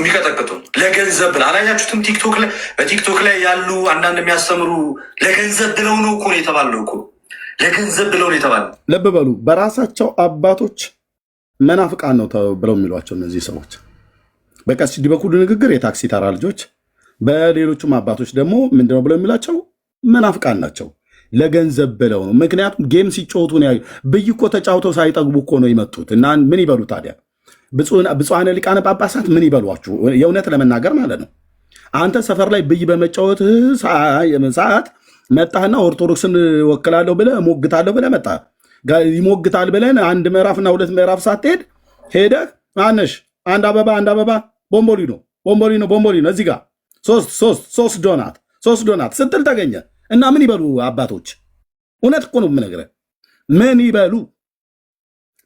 የሚቀጠቅጡን ለገንዘብ ብለህ አላያችሁትም? ቲክቶክ ላይ በቲክቶክ ላይ ያሉ አንዳንድ የሚያስተምሩ ለገንዘብ ብለው ነው እኮ ነው የተባለው እኮ ለገንዘብ ብለው ነው የተባለው። ልብ በሉ። በራሳቸው አባቶች መናፍቃን ነው ብለው የሚሏቸው እነዚህ ሰዎች በቀሲስ ዲበኩሉ ንግግር የታክሲ ተራ ልጆች፣ በሌሎቹም አባቶች ደግሞ ምንድነው ብለው የሚሏቸው መናፍቃን ናቸው። ለገንዘብ ብለው ነው። ምክንያቱም ጌም ሲጫወቱ ብይ እኮ ተጫውተው ሳይጠግቡ እኮ ነው የመጡት እና ምን ይበሉ ታዲያ ብፁዓነ ሊቃነ ጳጳሳት ምን ይበሏችሁ? የእውነት ለመናገር ማለት ነው። አንተ ሰፈር ላይ ብይ በመጫወት ሰዓት መጣህና ኦርቶዶክስን ወክላለሁ ብለ ሞግታለሁ ብለ መጣ ይሞግታል ብለን አንድ ምዕራፍና ሁለት ምዕራፍ ሳትሄድ ሄደህ ማነሽ አንድ አበባ አንድ አበባ ቦምቦሊኖ ቦምቦሊኖ ቦምቦሊኖ እዚህ ጋር ሶስት ሶስት ሶስት ዶናት ሶስት ዶናት ስትል ተገኘ እና ምን ይበሉ አባቶች? እውነት እኮ ነው የምነግርህ። ምን ይበሉ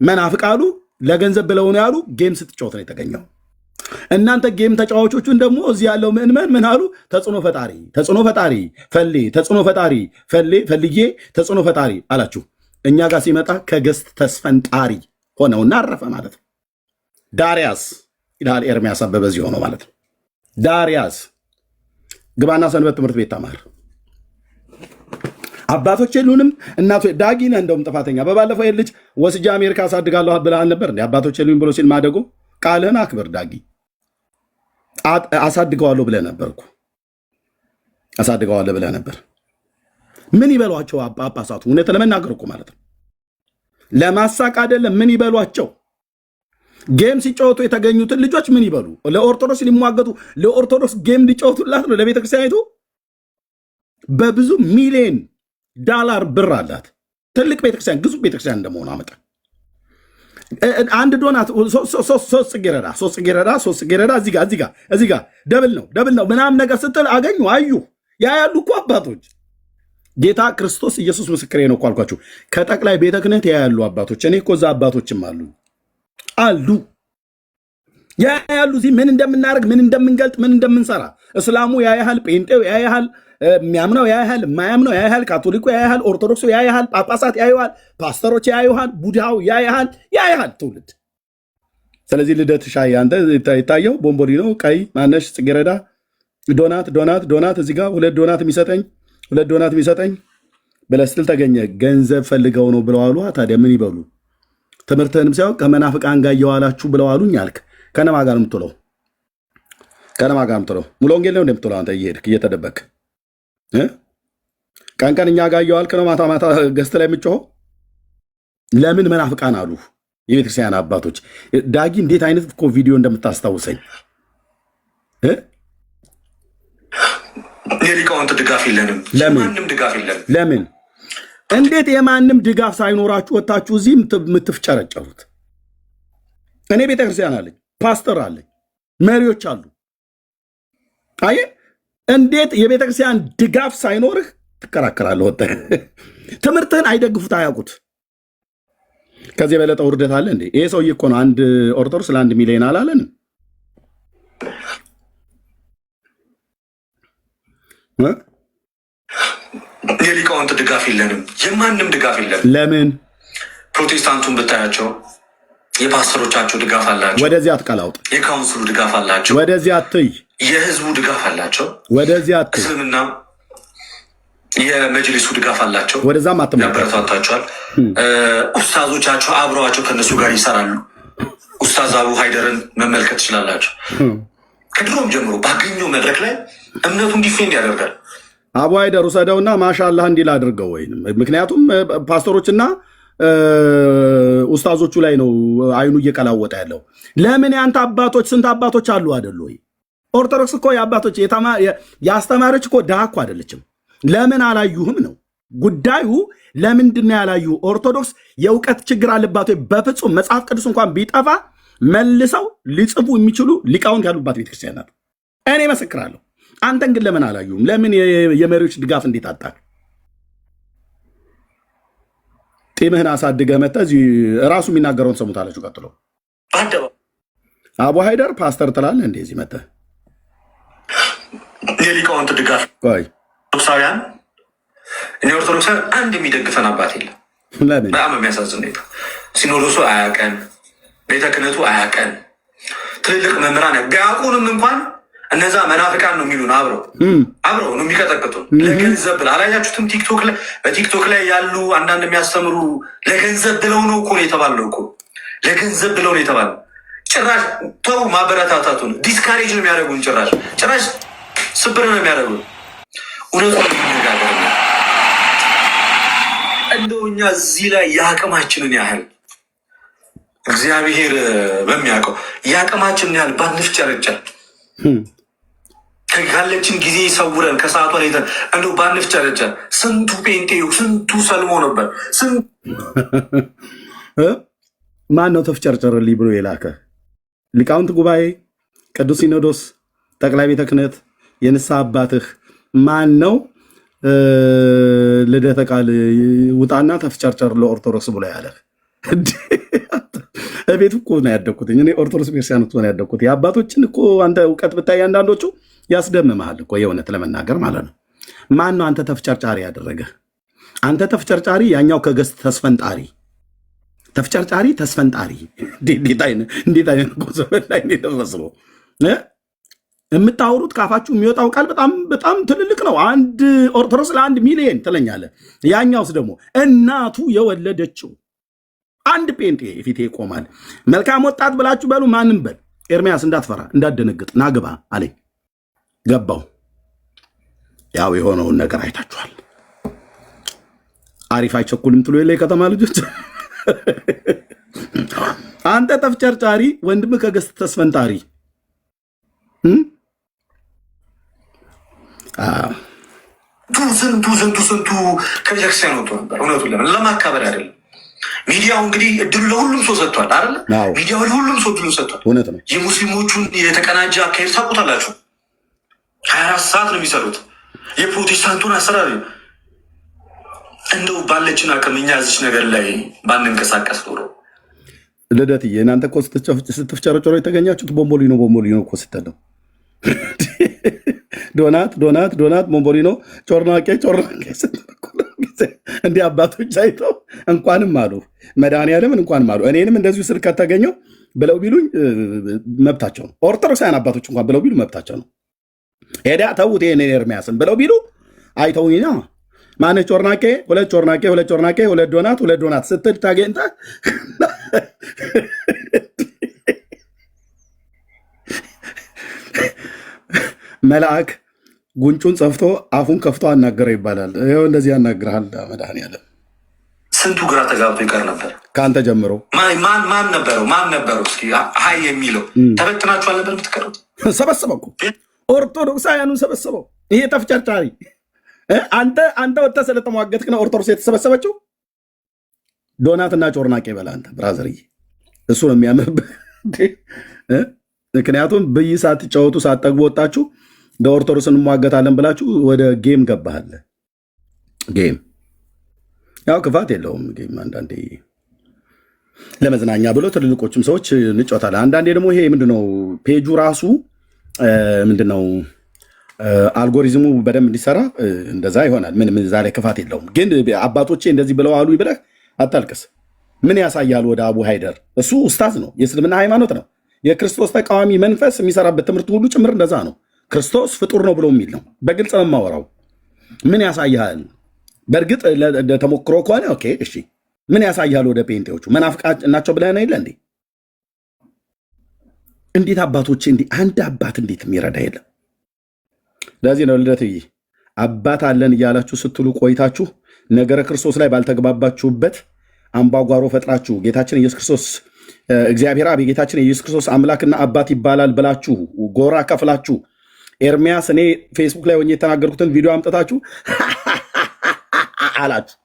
መናፍቃሉ ለገንዘብ ብለው ነው ያሉ። ጌም ስትጫወት ነው የተገኘው። እናንተ ጌም ተጫዋቾቹን ደግሞ እዚህ ያለው ምዕመን ምን አሉ? ተጽዕኖ ፈጣሪ ተጽዕኖ ፈጣሪ ፈሌ ተጽዕኖ ፈጣሪ ፈሌ ፈልዬ ተጽዕኖ ፈጣሪ አላችሁ። እኛ ጋር ሲመጣ ከገስት ተስፈንጣሪ ሆነውና አረፈ ማለት ነው። ዳሪያስ ይልሃል ኤርሚያስ አበበ እዚህ ሆነው ማለት ነው። ዳሪያስ ግባና ሰንበት ትምህርት ቤት ተማር። አባቶች የሉንም። እናቶ ዳጊ ዳጊነ እንደውም ጥፋተኛ በባለፈው ልጅ ወስጃ አሜሪካ አሳድጋለሁ ብለሃል ነበር። እንደ አባቶች የሉኝ ብሎ ሲል ማደጎ ቃልህን አክብር ዳጊ። አሳድገዋለሁ ብለህ ነበርኩ አሳድገዋለሁ ብለህ ነበር። ምን ይበሏቸው አባሳቱ እውነት ለመናገር እኮ ማለት ነው ለማሳቅ አይደለም። ምን ይበሏቸው? ጌም ሲጫወቱ የተገኙትን ልጆች ምን ይበሉ? ለኦርቶዶክስ ሊሟገቱ ለኦርቶዶክስ ጌም ሊጫወቱላት ነው ለቤተክርስቲያኒቱ በብዙ ሚሊዮን ዳላር ብር አላት። ትልቅ ቤተክርስቲያን፣ ግዙፍ ቤተክርስቲያን እንደመሆኗ መጠን አንድ ዶናት ሶስት ጽጌረዳ ሶስት ጽጌረዳ ሶስት ጽጌረዳ እዚህ ጋር እዚህ ጋር እዚህ ጋር ደብል ነው ደብል ነው ምናምን ነገር ስትል አገኙ አዩ። ያ ያሉ እኮ አባቶች ጌታ ክርስቶስ ኢየሱስ ምስክሬ ነው እኮ አልኳችሁ። ከጠቅላይ ቤተ ክህነት ያ ያሉ አባቶች እኔ እኮ እዛ አባቶችም አሉ አሉ ያ ያሉ እዚህ ምን እንደምናደርግ ምን እንደምንገልጥ ምን እንደምንሰራ እስላሙ ያ ያህል ጴንጤው ያ ያህል የሚያምነው ያያህል፣ የማያምነው ያያህል፣ ካቶሊኩ ያያህል፣ ኦርቶዶክሱ ያያህል፣ ጳጳሳት ያዩሃል፣ ፓስተሮች ያዩሃል፣ ቡድሃው ያያህል፣ ያ ያህል የማያምነው ያ ያህል ካቶሊኩ ያ ያህል ኦርቶዶክሱ ያ ያህል ጳጳሳት ያ ያዩሃል ፓስተሮች ያ ያዩሃል ቡድሃው ያ ያህል ያ ያህል ትውልድ ስለዚህ ልደት ሻ አንተ ይታየው ነው ቀይ ማነሽ ጽጌረዳ ዶናት ዶናት ዶናት እዚህ ጋር ሁለት ዶናት የሚሰጠኝ ሁለት ዶናት የሚሰጠኝ ብለህ ስትል ተገኘ። ገንዘብ ፈልገው ነው ብለዋሉ። ታዲያ ምን ይበሉ? ትምህርትህንም ሲያውቅ ከመናፍቃን ጋር እየዋላችሁ ብለዋሉኝ አልክ። ከነማ ጋር ምትለው? ከነማ ጋር ምትለው? ሙሉ ወንጌል ነው እንደምትለው አንተ እየሄድክ እየተደበክ ቀን ቀን እኛ ጋር እየዋልክ ነው ማታ ማታ ገዝት ላይ የምጮሆ ለምን መናፍቃን አሉ የቤተክርስቲያን አባቶች። ዳጊ እንዴት አይነት እኮ ቪዲዮ እንደምታስታውሰኝ የሊቃውንት ድጋፍ የለንም። ድጋፍ የለንም። ለምን እንዴት የማንም ድጋፍ ሳይኖራችሁ ወታችሁ እዚህ የምትፍጨረጨሩት? እኔ ቤተክርስቲያን አለኝ፣ ፓስተር አለኝ፣ መሪዎች አሉ። አየህ እንዴት የቤተክርስቲያን ድጋፍ ሳይኖርህ ትከራከራለህ? ወጥተህ ትምህርትህን አይደግፉት አያውቁት። ከዚህ የበለጠ ውርደት አለ እንዴ? ይሄ ሰውዬ እኮ ነው አንድ ኦርቶዶክስ ለአንድ ሚሊዮን አላለን። የሊቃውንት ድጋፍ የለንም፣ የማንም ድጋፍ የለንም። ለምን ፕሮቴስታንቱን ብታያቸው የፓስተሮቻቸው ድጋፍ አላቸው። ወደዚህ አትቀላውጥ። የካውንስሉ ድጋፍ አላቸው። ወደዚህ አትይ የህዝቡ ድጋፍ አላቸው። አት እስልምና የመጅሊሱ ድጋፍ አላቸው። ወደዛም ያበረታታቸዋል። ኡስታዞቻቸው አብረዋቸው ከነሱ ጋር ይሰራሉ። ኡስታዝ አቡ ሀይደርን መመልከት ትችላላቸው። ከድሮም ጀምሮ ባገኘው መድረክ ላይ እምነቱን ዲፌንድ ያደርጋል። አቡ ሀይደር ውሰደውና ማሻላህ እንዲል አድርገው ወይም ምክንያቱም ፓስተሮችና ኡስታዞቹ ላይ ነው አይኑ እየቀላወጠ ያለው። ለምን ያንተ አባቶች ስንት አባቶች አሉ አይደሉ ወይ ኦርቶዶክስ እኮ የአባቶች የአስተማሪዎች እኮ ድሃ እኮ አይደለችም። ለምን አላዩህም ነው ጉዳዩ። ለምንድን ያላዩ? ኦርቶዶክስ የእውቀት ችግር አለባት ወይ? በፍጹም መጽሐፍ ቅዱስ እንኳን ቢጠፋ መልሰው ሊጽፉ የሚችሉ ሊቃውንት ያሉባት ቤተክርስቲያን ናት። እኔ መሰክራለሁ። አንተን ግን ለምን አላዩም? ለምን የመሪዎች ድጋፍ እንዴት አጣ? ጢምህን አሳድገህ መጥተህ እዚህ የሚናገረውን ሰሙታላችሁ። ቀጥሎ አቡ ሀይደር ፓስተር ትላለህ እንደዚህ መጥተህ የሊቃውንት ድጋፍ ኦርቶዶክሳውያን እኔ ኦርቶዶክሳዊ አንድ የሚደግፈን አባት የለም። በጣም የሚያሳዝን ሁኔታ ሲኖዶሱ አያቀን፣ ቤተ ክህነቱ አያቀን፣ ትልልቅ መምህራን ቢያውቁንም እንኳን እነዛ መናፍቃን ነው የሚሉን አብረው አብረው ነው የሚቀጠቅጡ ለገንዘብ ብለ አላያችሁትም? ቲክቶክ ላይ በቲክቶክ ላይ ያሉ አንዳንድ የሚያስተምሩ ለገንዘብ ብለው ነው እኮ የተባለው እኮ ለገንዘብ ብለው ነው የተባለው። ጭራሽ ተው ማበረታታቱን ዲስካሬጅ ነው የሚያደርጉን ጭራሽ ጭራሽ ስብር ነው የሚያደርጉ። እውነቱ የሚነጋገር ነው። እንደው እኛ እዚህ ላይ የአቅማችንን ያህል እግዚአብሔር በሚያውቀው የአቅማችንን ያህል ባንፍጨረጨር ካለችን ጊዜ ይሰውረን። ከሰዓቷ ሌተን ባንፍ ባንፍጨረጨር። ስንቱ ጴንጤው ስንቱ ሰልሞ ነበር። ማን ነው ተፍጨርጨርልኝ ብሎ የላከ? ሊቃውንት ጉባኤ፣ ቅዱስ ሲኖዶስ፣ ጠቅላይ ቤተ ክህነት የንስሐ አባትህ ማን ነው? ልደተ ቃል ውጣና ተፍጨርጨር ለኦርቶዶክስ ብሎ ያለህ እቤት እኮ ነው ያደግኩትኝ እኔ ኦርቶዶክስ ቤተክርስቲያን ነው ያደግኩት። የአባቶችን እኮ አንተ እውቀት ብታይ አንዳንዶቹ ያስደምመሃል እኮ የእውነት ለመናገር ማለት ነው። ማን ነው አንተ ተፍጨርጫሪ ያደረገ? አንተ ተፍጨርጫሪ፣ ያኛው ከገስት ተስፈንጣሪ። ተፍጨርጫሪ፣ ተስፈንጣሪ። እንዴት አይነት ዘመን ላይ ደረስነው? የምታወሩት ካፋችሁ የሚወጣው ቃል በጣም በጣም ትልልቅ ነው። አንድ ኦርቶዶክስ ለአንድ ሚሊየን ትለኛለ። ያኛውስ ደግሞ እናቱ የወለደችው አንድ ጴንጤ ፊቴ ይቆማል። መልካም ወጣት ብላችሁ በሉ ማንም በል። ኤርሚያስ እንዳትፈራ እንዳደነግጥ ናግባ አለኝ። ገባው። ያው የሆነውን ነገር አይታችኋል። አሪፍ አይቸኩልም ትሎ የለ የከተማ ልጆች አንተ ተፍጨርጫሪ ወንድም ከገስት ተስፈንጣሪ ግን ስንቱ ስንቱ ስንቱ ከቤተክርስቲያን ወጥቶ ነበር። እውነቱን ለምን ለማካበር አይደለም። ሚዲያው እንግዲህ እድሉ ለሁሉም ሰው ሰጥቷል አይደለ? ሚዲያው ለሁሉም ሰው እድሉ ሰጥቷል። እውነት ነው። የሙስሊሞቹን የተቀናጀ አካሄድ ታውቁታላችሁ። ሀያ አራት ሰዓት ነው የሚሰሩት። የፕሮቴስታንቱን አሰራር እንደው ባለችን አቅም እኛ እዚች ነገር ላይ ባንንቀሳቀስ ኖሮ ልደት እናንተ እኮ ስትፍጨረጨሩ የተገኛችሁት ቦምቦሊኖ ቦምቦሊኖ እኮ ስትል ነው። ዶናት ዶናት ዶናት ሞንቦሪኖ ጮርናቄ ጮርናቄ እንዲህ አባቶች አይተው እንኳንም አሉ መድኃኒዓለምን እንኳንም አሉ እኔንም እንደዚሁ ስል ከተገኘው ብለው ቢሉኝ መብታቸው ነው። ኦርቶዶክሳውያን አባቶች እንኳን ብለው ቢሉ መብታቸው ነው። ሄዳ ተዉት ይህንን ኤርሚያስን ብለው ቢሉ አይተውኛ ማነ ጮርናቄ ሁለት ጮርናቄ ሁለት ጮርናቄ ሁለት ዶናት ሁለት ዶናት ስትል ታገኝታ መልአክ ጉንጩን ጸፍቶ አፉን ከፍቶ አናገረ ይባላል። ይኸው እንደዚህ ያናግርሃል መድኃኔዓለም። ስንቱ ግራ ተጋብቶ ይቀር ነበር። ከአንተ ጀምሮ ማን ነበረው? ማን ነበረው? እስኪ ሀይ የሚለው ተበትናችሁ አልነበር የምትቀሩት? ሰበሰበው እኮ ኦርቶዶክሳውያኑን ሰበሰበው። ይሄ ተፍጨርጫሪ አንተ አንተ ወጥተህ ስለተሟገትክ ነው ኦርቶዶክስ የተሰበሰበችው። ዶናትና ጮርናቄ በላ አንተ ብራዘርዬ፣ እሱ ነው የሚያምርብህ። ምክንያቱም ብይ ሳትጫወቱ ሳትጠግቡ ወጣችሁ። ኦርቶዶክስ እንሟገታለን ብላችሁ ወደ ጌም ገባሃል። ጌም ያው ክፋት የለውም። ጌም አንዳንዴ ለመዝናኛ ብሎ ትልልቆችም ሰዎች እንጮታለን። አንዳንዴ ደግሞ ይሄ ምንድነው ፔጁ ራሱ ምንድነው አልጎሪዝሙ በደንብ እንዲሰራ እንደዛ ይሆናል። ምንም እዛ ላይ ክፋት የለውም። ግን አባቶቼ እንደዚህ ብለው አሉ ብለህ አታልቅስ። ምን ያሳያል? ወደ አቡ ሃይደር እሱ ኡስታዝ ነው፣ የእስልምና ሃይማኖት ነው፣ የክርስቶስ ተቃዋሚ መንፈስ የሚሰራበት ትምህርት ሁሉ ጭምር እንደዛ ነው። ክርስቶስ ፍጡር ነው ብሎ የሚል ነው። በግልጽ ነው የማወራው። ምን ያሳያል? በእርግጥ ለተሞክሮ ከሆነ ኦኬ፣ እሺ፣ ምን ያሳያል? ወደ ጴንጤዎቹ መናፍቃን ናቸው ብለህ ነው የለ እንዴ? እንዴት አባቶች እንዲህ አንድ አባት እንዴት የሚረዳ የለም። ለዚህ ነው ልደትዬ አባት አለን እያላችሁ ስትሉ ቆይታችሁ ነገረ ክርስቶስ ላይ ባልተግባባችሁበት አምባጓሮ ፈጥራችሁ ጌታችን ኢየሱስ ክርስቶስ እግዚአብሔር አብ የጌታችን ኢየሱስ ክርስቶስ አምላክና አባት ይባላል ብላችሁ ጎራ ከፍላችሁ ኤርሚያስ እኔ ፌስቡክ ላይ ሆኜ የተናገርኩትን ቪዲዮ አምጥታችሁ አላችሁ።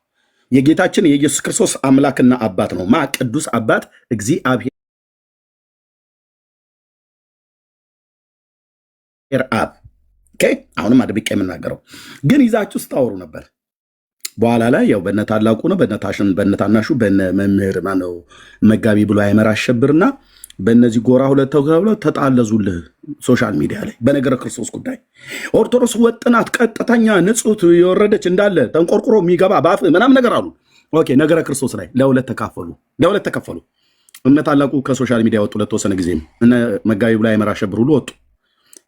የጌታችን የኢየሱስ ክርስቶስ አምላክና አባት ነው ማ ቅዱስ አባት እግዚአብሔር አብ። አሁንም አድብቄ የምናገረው ግን ይዛችሁ ስታወሩ ነበር። በኋላ ላይ ያው በነ ታላቁ ነው በነ ታናሹ በነ መምህር ማነው መጋቢ ብሎ አይመር አሸብርና በእነዚህ ጎራ ሁለት ተብለ ተጣለዙልህ ሶሻል ሚዲያ ላይ በነገረ ክርስቶስ ጉዳይ ኦርቶዶክስ ወጥናት ቀጥተኛ ንጹት የወረደች እንዳለ ተንቆርቁሮ የሚገባ በአፍ ምናም ነገር አሉ። ኦኬ ነገረ ክርስቶስ ላይ ለሁለት ተካፈሉ፣ ለሁለት ተከፈሉ። እነ ታላቁ ከሶሻል ሚዲያ ወጡ፣ ለተወሰነ ጊዜም እነ መጋቢ ላይ የመራ ሸብር ሁሉ ወጡ።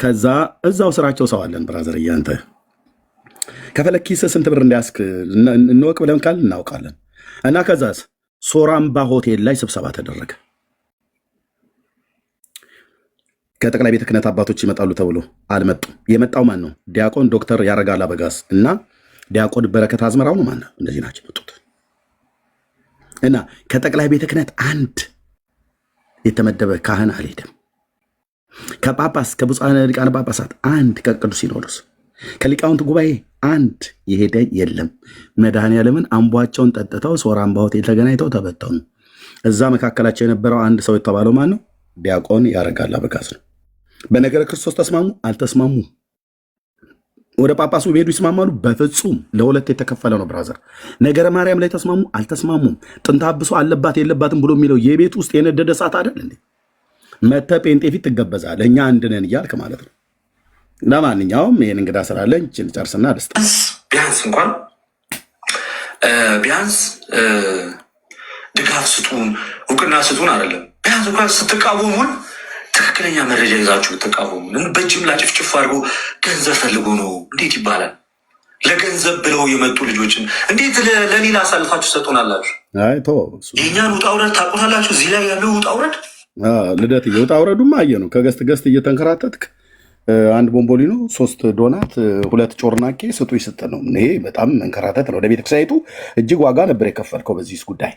ከዛ እዛው ስራቸው ሰው አለን ብራዘር እያንተ ከፈለግ ስንት ብር እንዳያስክ እንወቅ ብለን ካል እናውቃለን። እና ከዛስ ሶራምባ ሆቴል ላይ ስብሰባ ተደረገ። ከጠቅላይ ቤተ ክህነት አባቶች ይመጣሉ ተብሎ አልመጡም። የመጣው ማን ነው? ዲያቆን ዶክተር ያረጋል አበጋዝ እና ዲያቆን በረከት አዝመራው ነው። ነው? እንደዚህ ናቸው የመጡት እና ከጠቅላይ ቤተ ክህነት አንድ የተመደበ ካህን አልሄደም። ከጳጳስ ከብፁዓን ሊቃነ ጳጳሳት አንድ፣ ከቅዱስ ሲኖዶስ ከሊቃውንት ጉባኤ አንድ የሄደ የለም። መድኃኔዓለምን አምቧቸውን ጠጥተው ሶራ አምባ የተገናኝተው ተገናኝተው ተበተኑ። እዛ መካከላቸው የነበረው አንድ ሰው የተባለው ማን ነው? ዲያቆን ያረጋል አበጋዝ ነው። በነገረ ክርስቶስ ተስማሙ አልተስማሙ፣ ወደ ጳጳሱ ሄዱ ይስማማሉ? በፍጹም ለሁለት የተከፈለ ነው ብራዘር። ነገረ ማርያም ላይ ተስማሙ አልተስማሙም። ጥንተ አብሶ አለባት የለባትም ብሎ የሚለው የቤት ውስጥ የነደደ እሳት አይደል እንዴ? መተ ጴንጤ ፊት ትገበዛለህ እኛ አንድነን እያልክ ማለት ነው። ለማንኛውም ይህን እንግዳ ስራለኝ ችን ጨርስና ደስ ቢያንስ እንኳን ቢያንስ ድጋፍ ስጡን እውቅና ስጡን አይደለም ቢያንስ እንኳን ስትቃወሙን ትክክለኛ መረጃ ይዛችሁ ብትቃወሙ በጅምላ ጭፍጭፍ አድርጎ ገንዘብ ፈልጎ ነው እንዴት ይባላል? ለገንዘብ ብለው የመጡ ልጆችን እንዴት ለሌላ አሳልፋችሁ ሰጡናላችሁ? የእኛን ውጣ ውረድ ታውቁታላችሁ። እዚህ ላይ ያለው ውጣ ውረድ ልደት የውጣ ውረዱማ አየ ነው። ከገስት ገስት እየተንከራተትክ አንድ ቦምቦሊኖ ሶስት ዶናት ሁለት ጮርናቄ ስጡ ይስጥ ነው። ይሄ በጣም መንከራተት ነው። ለቤተክርስቲያኒቱ እጅግ ዋጋ ነበር የከፈልከው በዚህ ጉዳይ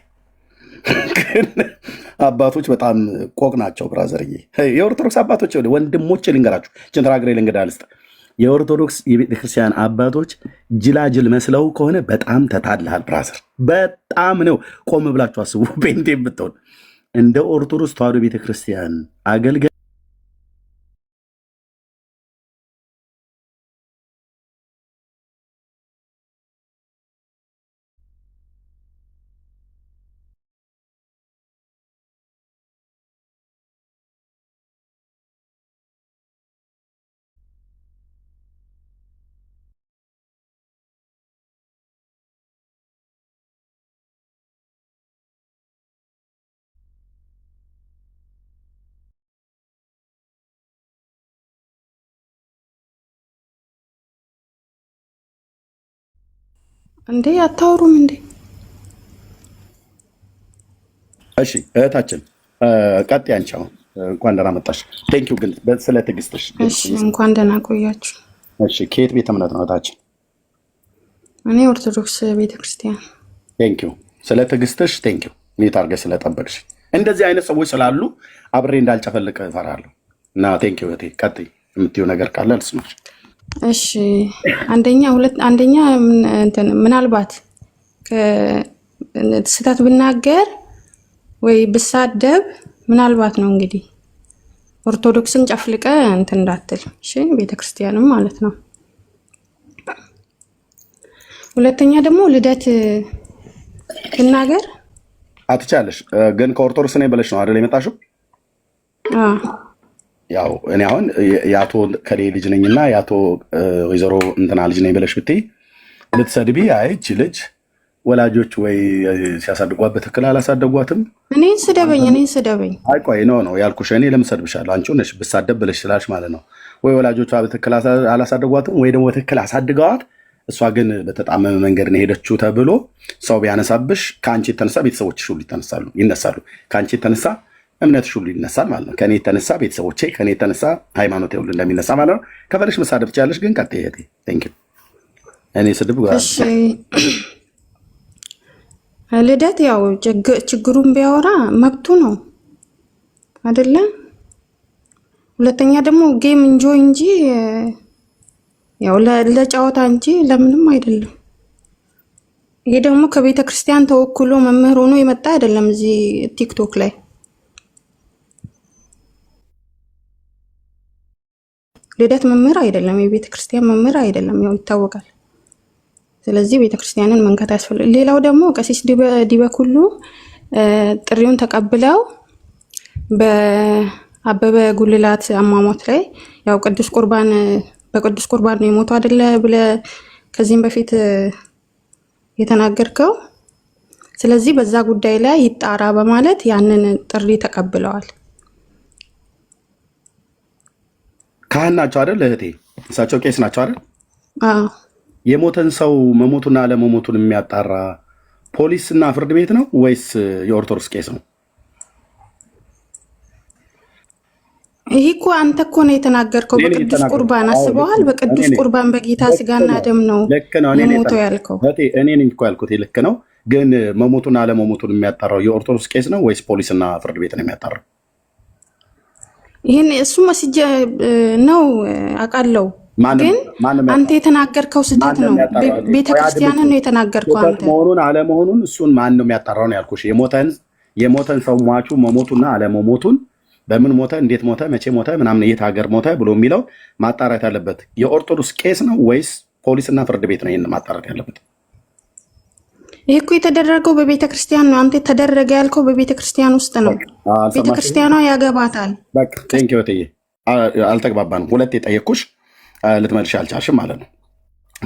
አባቶች በጣም ቆቅ ናቸው። ብራዘርዬ የኦርቶዶክስ አባቶች ወንድሞች ልንገራችሁ፣ ችንትራግሬ ልንገዳ ልስጥ የኦርቶዶክስ የቤተክርስቲያን አባቶች ጅላጅል መስለው ከሆነ በጣም ተታልሃል ብራዘር፣ በጣም ነው። ቆም ብላችሁ አስቡ። ጴንጤ ብትሆን እንደ ኦርቶዶክስ ተዋሕዶ ቤተክርስቲያን አገልጋይ እንዴ አታወሩም እንዴ? እሺ እህታችን ቀጥ ያንቻው እንኳን ደህና መጣሽ። ቴንኪው ግን ስለ ትዕግስትሽ። እሺ እንኳን ደህና ቆያችሁ። እሺ ከየት ቤተ እምነት ነው እህታችን? እኔ ኦርቶዶክስ ቤተክርስቲያን። ቴንኪው ስለ ትዕግስትሽ። ቴንኪው ኔት አድርገሽ ስለጠበቅሽ። እንደዚህ አይነት ሰዎች ስላሉ አብሬ እንዳልጨፈልቅ እፈራለሁ እና ቴንኪው እህቴ። ቀጥይ፣ የምትይው ነገር ካለ ልስማሽ። እሺ አንደኛ ሁለት አንደኛ እንትን ምናልባት ስህተት ብናገር ወይ ብሳደብ ምናልባት ነው እንግዲህ ኦርቶዶክስን ጨፍልቀ እንትን እንዳትል እሺ፣ ቤተክርስቲያንም ማለት ነው። ሁለተኛ ደግሞ ልደት ብናገር አትቻለሽ፣ ግን ከኦርቶዶክስ ነኝ ብለሽ ነው አይደል የመጣሽው? ያው እኔ አሁን የአቶ ከሌ ልጅ ነኝ ነኝና የአቶ ወይዘሮ እንትና ልጅ ነኝ ብለሽ ብትይ ልትሰድቢ፣ አይች ልጅ ወላጆች ወይ ሲያሳድጓት በትክክል አላሳደጓትም። እኔን ስደበኝ፣ እኔን ስደበኝ። አይ ቆይ ነው ነው ያልኩሽ። እኔ ለምን ሰድብሻለሁ? አንቺ ነሽ ብሳደብ ብለሽ ስላልሽ ማለት ነው። ወይ ወላጆቿ በትክክል አላሳደጓትም፣ ወይ ደግሞ በትክክል አሳድገዋት እሷ ግን በተጣመመ መንገድ ነው ሄደችው ተብሎ ሰው ቢያነሳብሽ ከአንቺ የተነሳ ቤተሰቦችሽ ሁሉ ይነሳሉ። ከአንቺ የተነሳ እምነትሽ ሁሉ ይነሳል ማለት ነው። ከእኔ የተነሳ ቤተሰቦቼ፣ ከእኔ የተነሳ ሃይማኖቴ ሁሉ እንደሚነሳ ማለት ነው። ከፈለሽ መሳደብ ትችያለሽ፣ ግን ቀጥ እኔ ስድብ ልደት ያው ችግሩን ቢያወራ መብቱ ነው አይደለ? ሁለተኛ ደግሞ ጌም እንጆ እንጂ ያው ለጨዋታ እንጂ ለምንም አይደለም። ይሄ ደግሞ ከቤተ ክርስቲያን ተወክሎ መምህር ሆኖ የመጣ አይደለም። እዚህ ቲክቶክ ላይ ልደት መምህር አይደለም፣ የቤተ ክርስቲያን መምህር አይደለም። ያው ይታወቃል። ስለዚህ ቤተ ክርስቲያንን መንካት ያስፈልግ። ሌላው ደግሞ ቀሲስ ዲበኩሉ ጥሪውን ተቀብለው በአበበ ጉልላት አሟሟት ላይ ያው ቅዱስ ቁርባን በቅዱስ ቁርባን ነው የሞቱ አይደለ ብለ ከዚህም በፊት የተናገርከው። ስለዚህ በዛ ጉዳይ ላይ ይጣራ በማለት ያንን ጥሪ ተቀብለዋል። ካህን ናቸው አይደል? እህቴ እሳቸው ቄስ ናቸው አይደል? የሞተን ሰው መሞቱና አለመሞቱን የሚያጣራ ፖሊስ እና ፍርድ ቤት ነው ወይስ የኦርቶዶክስ ቄስ ነው? ይህ እኮ አንተ እኮ ነው የተናገርከው። በቅዱስ ቁርባን አስበዋል። በቅዱስ ቁርባን በጌታ ስጋና ደም ነው የሞተው ያልከው። እኔ እኮ ያልኩት ልክ ነው፣ ግን መሞቱን አለመሞቱን የሚያጣራው የኦርቶዶክስ ቄስ ነው ወይስ ፖሊስና ፍርድ ቤት ነው የሚያጣራው? ይህን እሱ መስጀ ነው አውቃለሁ፣ ግን አንተ የተናገርከው ስህተት ነው። ቤተክርስቲያንን ነው የተናገርከው። አንተ መሆኑን አለመሆኑን እሱን ማን ነው የሚያጣራው ነው ያልኩሽ። የሞተን የሞተን ሰው ሟቹ መሞቱና አለመሞቱን በምን ሞተ፣ እንዴት ሞተ፣ መቼ ሞተ፣ ምናምን የት ሀገር ሞተ ብሎ የሚለው ማጣራት ያለበት የኦርቶዶክስ ቄስ ነው ወይስ ፖሊስና ፍርድ ቤት ነው? ይህን ማጣራት ያለበት ይህ እኮ የተደረገው በቤተ ክርስቲያን ነው። አንተ ተደረገ ያልከው በቤተ ክርስቲያን ውስጥ ነው። ቤተ ክርስቲያኗ ያገባታል። ቴንኪ ወትዬ አልተግባባንም። ሁለት የጠየቅኩሽ ልትመልሽ አልቻልሽም ማለት ነው።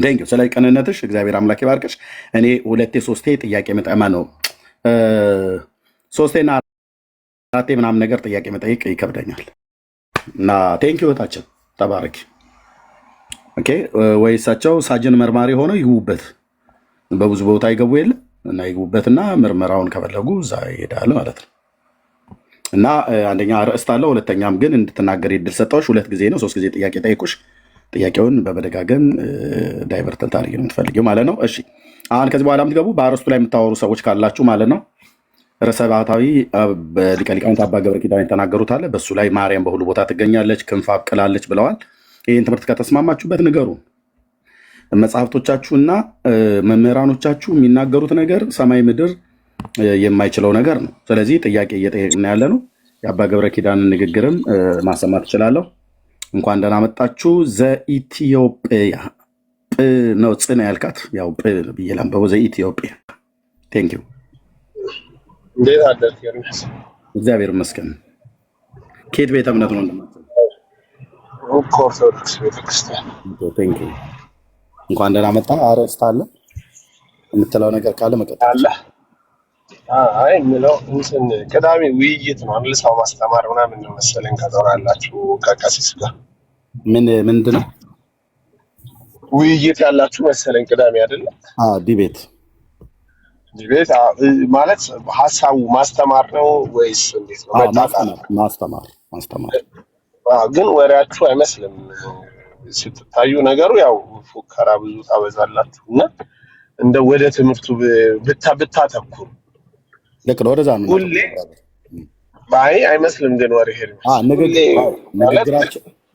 ቴንኪ ስለ ቅንነትሽ እግዚአብሔር አምላክ ይባርክሽ። እኔ ሁለቴ ሶስቴ ጥያቄ መጠማ ነው ሶስቴና አራቴ ምናምን ነገር ጥያቄ መጠየቅ ይከብደኛል። እና ቴንኪ ህይወታችን ተባረኪ። ኦኬ ወይ እሳቸው ሳጅን መርማሪ ሆነው ይውበት በብዙ ቦታ ይገቡ የለ እና ይግቡበትና ምርመራውን ከፈለጉ እዛ ይሄዳል ማለት ነው። እና አንደኛ ርዕስት አለው፣ ሁለተኛም ግን እንድትናገር ድል ሰጠሁሽ። ሁለት ጊዜ ነው ሶስት ጊዜ ጥያቄ ጠይቁሽ። ጥያቄውን በመደጋገም ዳይቨርተን ልታደርጊ ነው የምትፈልጊው ማለት ነው። እሺ አሁን ከዚህ በኋላ የምትገቡ በአርዕስቱ ላይ የምታወሩ ሰዎች ካላችሁ ማለት ነው ርዕሰ ባህታዊ ሊቀ ሊቃውንት አባ ገብረ ኪዳን የተናገሩት አለ። በእሱ ላይ ማርያም በሁሉ ቦታ ትገኛለች፣ ክንፍ አብቅላለች ብለዋል። ይህን ትምህርት ከተስማማችሁበት ንገሩ። መጽሐፍቶቻችሁና መምህራኖቻችሁ የሚናገሩት ነገር ሰማይ ምድር የማይችለው ነገር ነው። ስለዚህ ጥያቄ እየጠየቅን ያለ ነው። የአባ ገብረ ኪዳን ንግግርም ማሰማት እችላለሁ። እንኳን ደህና መጣችሁ። ዘኢትዮጵያ ነው ጽን ያልካት ያው ብዬ ላንበበ ዘኢትዮጵያ ቴንኪው። እንዴት አለ? እግዚአብሔር ይመስገን። ከየት ቤተ እምነት ነው? ወንድማቸው ኦርቶዶክስ ቤተክርስቲያን። ቴንኪው እንኳን ደህና መጣ። አርእስት አለ የምትለው ነገር ካለ መቀጠል። አይ የምለው እንትን ቅዳሜ ውይይት ነው አንልሳው ማስተማር ምናምን ነው መሰለኝ ከጠራላችሁ ከቀሲስ ጋር ምን ምንድን ነው ውይይት ያላችሁ መሰለኝ ቅዳሜ አይደለ? አዎ ዲቤት ዲቤት ማለት ሀሳቡ ማስተማር ነው ወይስ እንዴት ነው? ማስተማር ማስተማር ማስተማር ግን ወሬያችሁ አይመስልም ስትታዩ ነገሩ ያው ፉከራ ብዙ ታበዛላችሁ እና እንደ ወደ ትምህርቱ ብታተኩር ልክ ነው። ወደዛ ነው ሁሌ አይ አይመስልም፣ ግን ወሬ ሄድ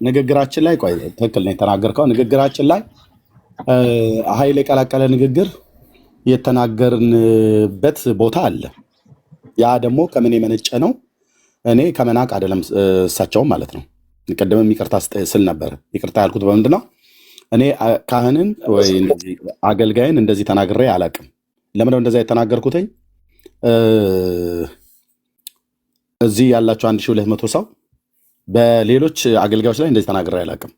ንግግራችን ላይ ቆይ፣ ትክክል ነው የተናገርከው። ንግግራችን ላይ ኃይል የቀላቀለ ንግግር የተናገርንበት ቦታ አለ። ያ ደግሞ ከምን የመነጨ ነው? እኔ ከመናቅ አይደለም፣ እሳቸውም ማለት ነው ቀደምም ይቅርታ ስል ነበር። ይቅርታ ያልኩት በምንድን ነው? እኔ ካህንን ወይ አገልጋይን እንደዚህ ተናግሬ አላቅም። ለምነው እንደዚያ የተናገርኩትኝ እዚህ ያላቸው አንድ ሺህ ሁለት መቶ ሰው በሌሎች አገልጋዮች ላይ እንደዚህ ተናግሬ አላቅም።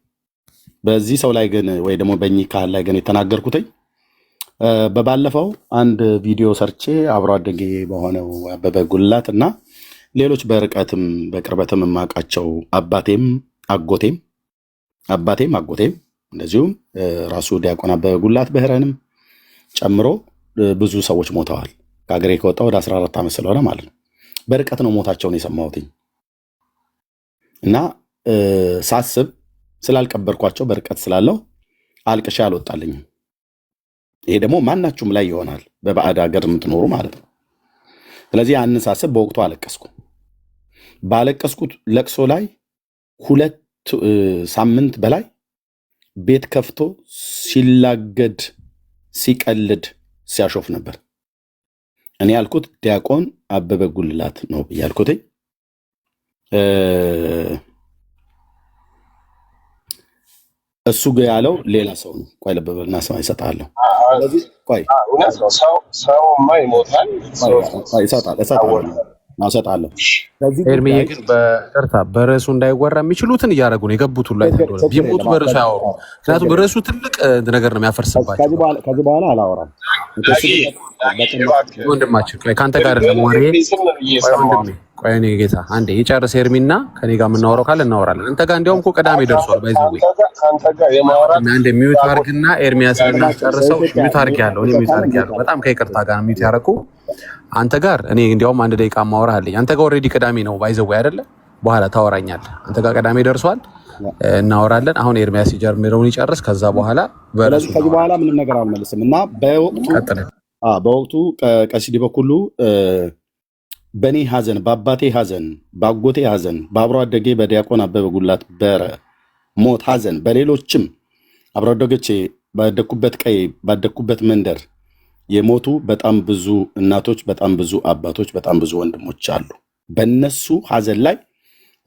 በዚህ ሰው ላይ ግን ወይ ደግሞ በእኚህ ካህን ላይ ግን የተናገርኩትኝ በባለፈው አንድ ቪዲዮ ሰርቼ አብሮ አደጌ በሆነው አበበ ጉላት እና ሌሎች በርቀትም በቅርበትም የማውቃቸው አባቴም አጎቴም አባቴም አጎቴም እንደዚሁም ራሱ ዲያቆን አበበ ጉላት ብህረንም ጨምሮ ብዙ ሰዎች ሞተዋል። ከአገሬ ከወጣ ወደ 14 ዓመት ስለሆነ ማለት ነው። በርቀት ነው ሞታቸውን የሰማሁትኝ እና ሳስብ ስላልቀበርኳቸው በርቀት ስላለው አልቅሻ አልወጣልኝም። ይሄ ደግሞ ማናችሁም ላይ ይሆናል፣ በባዕድ ሀገር የምትኖሩ ማለት ነው። ስለዚህ ያንን ሳስብ በወቅቱ አለቀስኩ። ባለቀስኩት ለቅሶ ላይ ሁለት ሳምንት በላይ ቤት ከፍቶ ሲላገድ፣ ሲቀልድ፣ ሲያሾፍ ነበር። እኔ ያልኩት ዲያቆን አበበ ጉልላት ነው ያልኩትኝ። እሱ ጋር ያለው ሌላ ሰው ነው። ቆይ ለበበልና ሰው ይሰጣለሁ። ሰውማ ይሞታል፣ ይሰጣል እናሰጣለን። በርታ በርዕሱ እንዳይወራ የሚችሉትን እያደረጉ ነው የገቡት ሁሉ ቢሞቱ በርዕሱ ያወሩ። ምክንያቱም በርዕሱ ትልቅ ነገር ነው የሚያፈርስባቸው። ከዚህ በኋላ አላወራም። ወንድማችን ከአንተ ጋር ለመሆን ወንድሜ ቆይ እኔ ጌታ አንዴ ይጨርስ ኤርሚና፣ ከኔ ጋር የምናወራው ካለ እናወራለን። አንተ ጋር እንዲያውም እኮ ቅዳሜ ደርሷል። ባይዘው ወይ አንተ ሚዩት አድርግና ኤርሚያስ እናጨርሰው። ሚዩት አድርግ ያለው እኔ ሚዩት አድርግ ያለው በጣም ከይቅርታ ጋር ሚዩት ያረኩ። አንተ ጋር እኔ እንዲያውም አንድ ደቂቃ ማወራ አለኝ። አንተ ጋር ኦልሬዲ ቅዳሜ ነው ባይዘው ወይ አይደለ? በኋላ ታወራኛል። አንተ ጋር ቅዳሜ ደርሷል፣ እናወራለን። አሁን ኤርሚያስ የጀመረውን ይጨርስ። ከዛ በኋላ በለሱ ከዚህ በኋላ ምንም ነገር አልመልስም እና በወቅቱ በወቅቱ ቀሲስ በኩሉ በእኔ ሐዘን፣ በአባቴ ሐዘን፣ በአጎቴ ሐዘን፣ በአብሮ አደጌ በዲያቆን አበበ ጉላት በረ ሞት ሐዘን፣ በሌሎችም አብሮ አደጎቼ ባደኩበት ቀይ ባደኩበት መንደር የሞቱ በጣም ብዙ እናቶች፣ በጣም ብዙ አባቶች፣ በጣም ብዙ ወንድሞች አሉ። በነሱ ሐዘን ላይ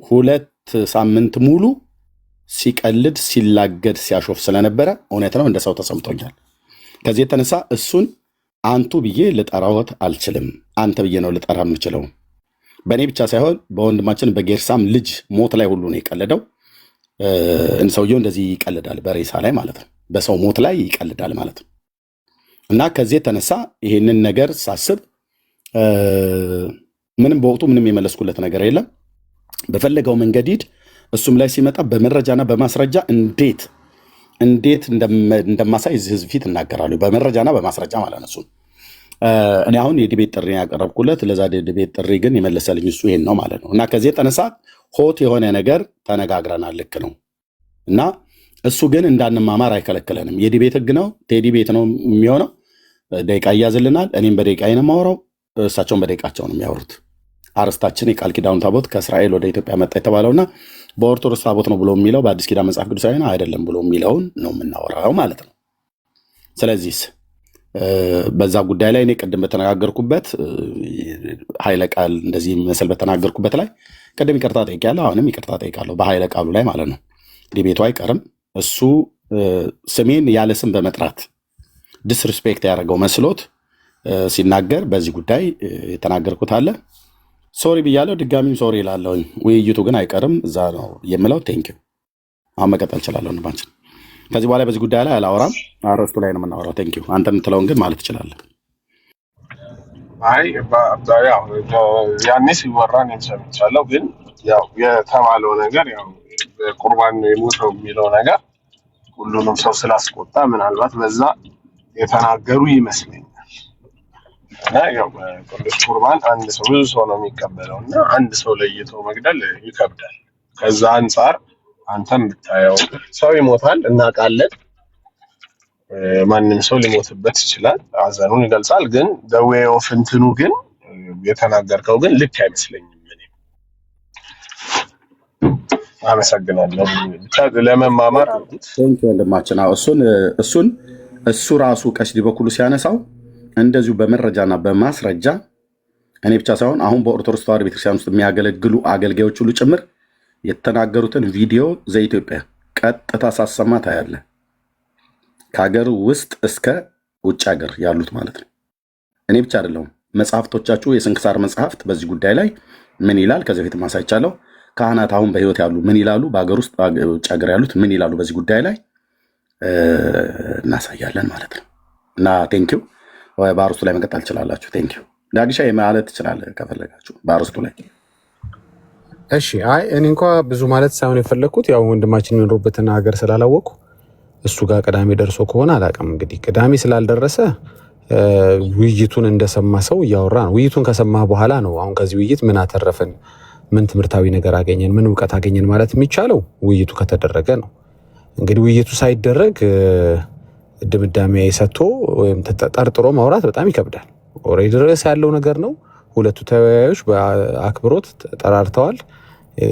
ሁለት ሳምንት ሙሉ ሲቀልድ ሲላገድ ሲያሾፍ ስለነበረ እውነት ነው እንደ ሰው ተሰምቶኛል። ከዚህ የተነሳ እሱን አንቱ ብዬ ልጠራዎት አልችልም። አንተ ብዬ ነው ልጠራ የምችለው። በእኔ ብቻ ሳይሆን በወንድማችን በጌርሳም ልጅ ሞት ላይ ሁሉ ነው የቀለደው። ሰውየው እንደዚህ ይቀልዳል፣ በሬሳ ላይ ማለት ነው። በሰው ሞት ላይ ይቀልዳል ማለት ነው። እና ከዚህ የተነሳ ይሄንን ነገር ሳስብ ምንም በወቅቱ ምንም የመለስኩለት ነገር የለም። በፈለገው መንገድ ሂድ፣ እሱም ላይ ሲመጣ በመረጃና በማስረጃ እንዴት እንዴት እንደማሳይ እዚህ ህዝብ ፊት እናገራሉ። በመረጃና በማስረጃ ማለት ነው። እኔ አሁን የዲቤት ጥሪ ያቀረብኩለት ለዛ ዲቤት ጥሪ ግን የመለሰልኝ እሱ ይሄን ነው ማለት ነው። እና ከዚህ የተነሳ ሆት የሆነ ነገር ተነጋግረናል። ልክ ነው። እና እሱ ግን እንዳንማማር አይከለክለንም። የዲቤት ህግ ነው። ቴዲቤት ነው የሚሆነው። ደቂቃ እያዝልናል። እኔም በደቂቃ ነው የማወራው፣ እሳቸውን በደቂቃቸው ነው የሚያወሩት። አርስታችን የቃል ኪዳኑ ታቦት ከእስራኤል ወደ ኢትዮጵያ መጣ የተባለውና በኦርቶዶክስ ታቦት ነው ብሎ የሚለው በአዲስ ኪዳን መጽሐፍ ቅዱሳዊ አይደለም ብሎ የሚለውን ነው የምናወራው ማለት ነው። ስለዚህ በዛ ጉዳይ ላይ እኔ ቅድም በተነጋገርኩበት ኃይለ ቃል እንደዚህ የሚመስል በተናገርኩበት ላይ ቅድም ይቅርታ ጠይቄያለሁ። አሁንም ይቅርታ ጠይቃለሁ፣ በኃይለ ቃሉ ላይ ማለት ነው። ዲቤቱ አይቀርም። እሱ ስሜን ያለ ስም በመጥራት ዲስሪስፔክት ያደረገው መስሎት ሲናገር በዚህ ጉዳይ የተናገርኩት አለ። ሶሪ ብያለሁ፣ ድጋሚም ሶሪ እላለሁኝ። ውይይቱ ግን አይቀርም፣ እዛ ነው የምለው። ቴንኪው። አሁን መቀጠል እችላለሁ ንባችን ከዚህ በኋላ በዚህ ጉዳይ ላይ አላወራም። አረስቱ ላይ ነው የምናወራው። ቴንክ ዩ። አንተ የምትለውን ግን ማለት ትችላለህ። አይ ያኔ ሲወራ እኔም ሰምቻለሁ፣ ግን ያው የተባለው ነገር ያው ቁርባን የሞተው የሚለው ነገር ሁሉንም ሰው ስላስቆጣ ምናልባት በዛ የተናገሩ ይመስለኛል። እና ያው ቅዱስ ቁርባን አንድ ሰው ብዙ ሰው ነው የሚቀበለው እና አንድ ሰው ለይቶ መግደል ይከብዳል። ከዛ አንጻር አንተ የምታየው ሰው ይሞታል፣ እናውቃለን። ማንም ሰው ሊሞትበት ይችላል። አዘኑን ይገልጻል። ግን ደዌ ኦፍ እንትኑ ግን የተናገርከው ግን ልክ አይመስለኝም። እኔ አመሰግናለሁ። ለመማማር ወንድማችን፣ እሱን እሱን እሱ ራሱ ቀሽዲ በኩሉ ሲያነሳው እንደዚሁ በመረጃና በማስረጃ እኔ ብቻ ሳይሆን አሁን በኦርቶዶክስ ተዋህዶ ቤተክርስቲያን ውስጥ የሚያገለግሉ አገልጋዮች ሁሉ ጭምር የተናገሩትን ቪዲዮ ዘኢትዮጵያ ቀጥታ ሳሰማ ታያለ። ከሀገር ውስጥ እስከ ውጭ ሀገር ያሉት ማለት ነው። እኔ ብቻ አይደለሁም። መጽሐፍቶቻችሁ፣ የስንክሳር መጽሐፍት በዚህ ጉዳይ ላይ ምን ይላል? ከዚህ በፊት ማሳይቻለሁ። ካህናት አሁን በህይወት ያሉ ምን ይላሉ? በሀገር ውስጥ ውጭ ሀገር ያሉት ምን ይላሉ? በዚህ ጉዳይ ላይ እናሳያለን ማለት ነው። እና ቴንኪው በአርስቱ ላይ መቀጠል ትችላላችሁ። ቴንኪው ዳግሻ ማለት ትችላለ ከፈለጋችሁ በአርስቱ ላይ እሺ አይ እኔ እንኳ ብዙ ማለት ሳይሆን የፈለግኩት ያው ወንድማችን የሚኖሩበትን ሀገር ስላላወቅኩ እሱ ጋር ቅዳሜ ደርሶ ከሆነ አላውቅም። እንግዲህ ቅዳሜ ስላልደረሰ ውይይቱን እንደሰማ ሰው እያወራ ነው። ውይይቱን ከሰማ በኋላ ነው አሁን ከዚህ ውይይት ምን አተረፍን፣ ምን ትምህርታዊ ነገር አገኘን፣ ምን እውቀት አገኘን ማለት የሚቻለው ውይይቱ ከተደረገ ነው። እንግዲህ ውይይቱ ሳይደረግ ድምዳሜ ሰጥቶ ወይም ጠርጥሮ ማውራት በጣም ይከብዳል። ኦልሬዲ ያለው ነገር ነው። ሁለቱ ተወያዮች በአክብሮት ተጠራርተዋል።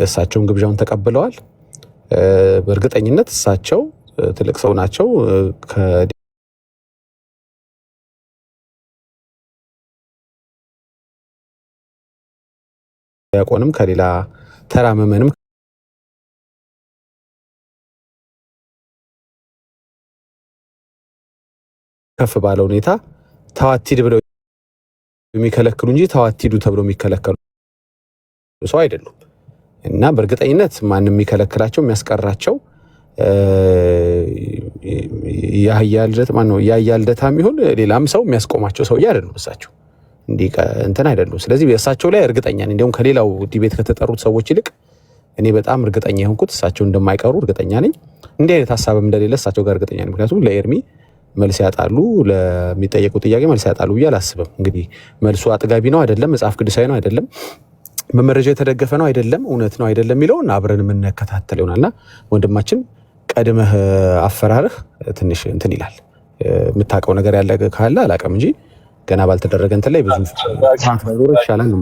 እሳቸውም ግብዣውን ተቀብለዋል። በእርግጠኝነት እሳቸው ትልቅ ሰው ናቸው። ከዲያቆንም ከሌላ ተራ ምዕመንም ከፍ ባለ ሁኔታ ተዋቲድ ብለው የሚከለክሉ እንጂ ተዋቲዱ ተብሎ የሚከለከሉ ሰው አይደሉም። እና በእርግጠኝነት ማንም የሚከለክላቸው የሚያስቀራቸው የአህያ ልደታ ይሁን ሌላም ሰው የሚያስቆማቸው ሰውዬ አይደሉም። እሳቸው እንዲህ እንትን አይደሉም። ስለዚህ እሳቸው ላይ እርግጠኛ እንዲሁም ከሌላው ዲቤት ከተጠሩት ሰዎች ይልቅ እኔ በጣም እርግጠኛ የሆንኩት እሳቸው እንደማይቀሩ እርግጠኛ ነኝ። እንዲህ አይነት ሀሳብም እንደሌለ እሳቸው ጋር እርግጠኛ ነኝ። ምክንያቱም ለኤርሚ መልስ ያጣሉ፣ ለሚጠየቁ ጥያቄ መልስ ያጣሉ ብዬ አላስብም። እንግዲህ መልሱ አጥጋቢ ነው አይደለም፣ መጽሐፍ ቅዱሳዊ ነው አይደለም በመረጃ የተደገፈ ነው አይደለም፣ እውነት ነው አይደለም የሚለውን አብረን የምንከታተል ይሆናል። ይሆናልና ወንድማችን ቀድመህ አፈራርህ ትንሽ እንትን ይላል። የምታውቀው ነገር ያለ ካለ አላውቅም እንጂ ገና ባልተደረገ እንትን ላይ ብዙ ሰዓት ባይኖር ይሻላል።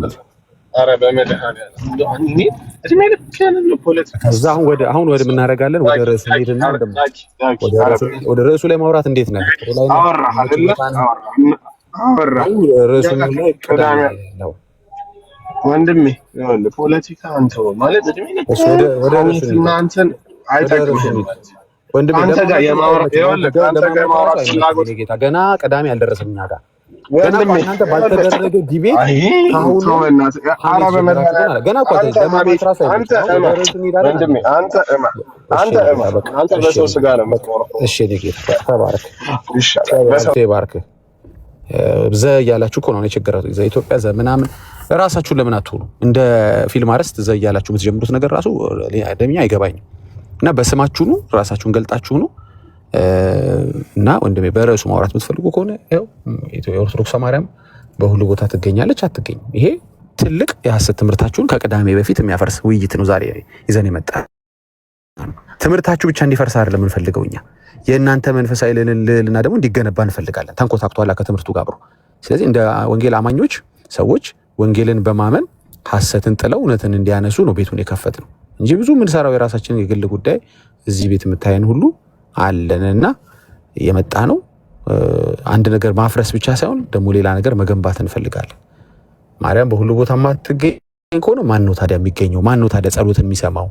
እዛ አሁን ወደ ምናደርጋለን ወደ ርዕስ ሄድና ወደ ርዕሱ ላይ ማውራት እንዴት ነው? ርዕሱ ላይ ቅዳሜ ነው ወንድሜ ፖለቲካ አንተ ማለት እድሜ አይጠቅምህም። አንተ ጋር የማውራት ጋር ነው ዘ እያላችሁ እኮ ነው ዘ ኢትዮጵያ ዘ ምናምን ራሳችሁን ለምን አትሆኑ? እንደ ፊልም አርዕስት ዘ እያላችሁ የምትጀምሩት ነገር ራሱ ለእኛ አይገባኝም። እና በስማችሁ ኑ፣ ራሳችሁን ገልጣችሁ ኑ እና ወንድሜ በርዕሱ ማውራት የምትፈልጉ ከሆነ ያው የኦርቶዶክሷ ማርያም በሁሉ ቦታ ትገኛለች አትገኝም። ይሄ ትልቅ የሐሰት ትምህርታችሁን ከቅዳሜ በፊት የሚያፈርስ ውይይት ነው ዛሬ ይዘን የመጣ ትምህርታችሁ ብቻ እንዲፈርስ አይደለም የምንፈልገው እኛ የእናንተ መንፈሳዊ ልዕልና ደግሞ እንዲገነባ እንፈልጋለን። ተንኮታክቷላ ከትምህርቱ ጋር አብሮ። ስለዚህ እንደ ወንጌል አማኞች ሰዎች ወንጌልን በማመን ሐሰትን ጥለው እውነትን እንዲያነሱ ነው ቤቱን የከፈት ነው እንጂ ብዙ የምንሰራው የራሳችንን የግል ጉዳይ እዚህ ቤት የምታየን ሁሉ አለንና የመጣ ነው። አንድ ነገር ማፍረስ ብቻ ሳይሆን ደግሞ ሌላ ነገር መገንባት እንፈልጋለን። ማርያም በሁሉ ቦታ ማትገኝ ከሆነ ማን ነው ታዲያ የሚገኘው? ማን ነው ታዲያ ጸሎትን የሚሰማው?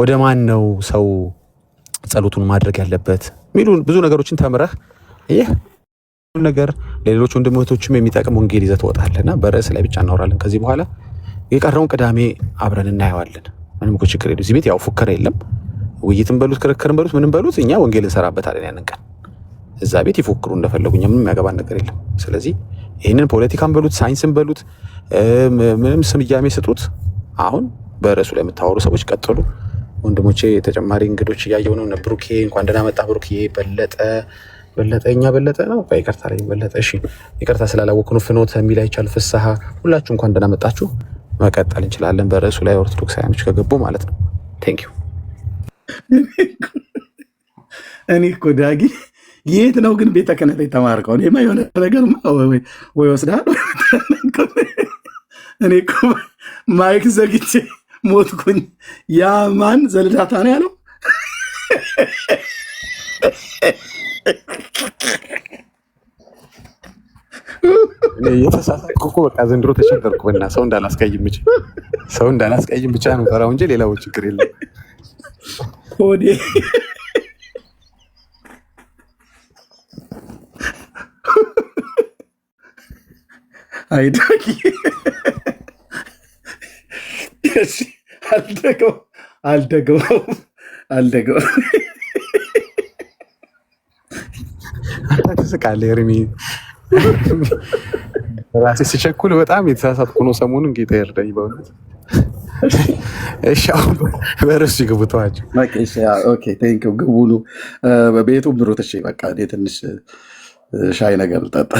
ወደ ማን ነው ሰው ጸሎቱን ማድረግ ያለበት? የሚሉ ብዙ ነገሮችን ተምረህ ይህ ነገር ለሌሎች ወንድም እህቶችም የሚጠቅም ወንጌል ይዘህ ትወጣለህ እና በርዕስ ላይ ብቻ እናወራለን ከዚህ በኋላ። የቀረውን ቅዳሜ አብረን እናየዋለን። ምንም እኮ ችግር የለም። እዚህ ቤት ያው ፉከር የለም። ውይይትም በሉት ክርክርም በሉት ምንም በሉት እኛ ወንጌል እንሰራበታለን። ያንን ቀን እዛ ቤት ይፎክሩ እንደፈለጉ፣ እኛ ምንም የሚያገባን ነገር የለም። ስለዚህ ይህንን ፖለቲካን በሉት ሳይንስን በሉት ምንም ስያሜ ስጡት። አሁን በርዕሱ ላይ የምታወሩ ሰዎች ቀጥሉ። ወንድሞቼ ተጨማሪ እንግዶች እያየሁ ነው። ብሩኬ እንኳን ደህና መጣ። ብሩኬ በለጠ በለጠ እኛ በለጠ ነው ይቅርታ ላይ በለጠ። እሺ ይቅርታ ስላላወቅ ነው ፍኖት የሚል አይቻል ፍስሐ ሁላችሁ እንኳን ደህና መጣችሁ። መቀጠል እንችላለን። በርዕሱ ላይ ኦርቶዶክሳውያኖች ከገቡ ማለት ነው። ቴንክ ዩ። እኔ እኮ ዳጊ የት ነው ግን ቤተ ክህነት የተማርከው? እኔማ የሆነ ነገር ወይ ወስዳል። እኔ እኮ ማይክ ዘግቼ ሞትኩኝ። ያ ማን ዘልዳታ ነው ያለው የተሳሳትኩ እኮ በቃ ዘንድሮ ተቸገርኩ። እና ሰው እንዳላስቀይም ብቻ ሰው እንዳላስቀይም ብቻ ነው ፈራው እንጂ ሌላው ችግር የለም። አልደገባውም አልደገባውም። አንተ ትስቃለህ ርሚ ራሴ ስቸኩል በጣም የተሳሳትኩ ነው። ሰሞኑን ጌታ ይርዳኝ በእውነት። እሺ አሁን በርሱ ግቡ፣ ተዋቸው ግቡ ነው። በቤቱም ድሮ እሺ በቃ እኔ ትንሽ ሻይ ነገር ልጠጣ።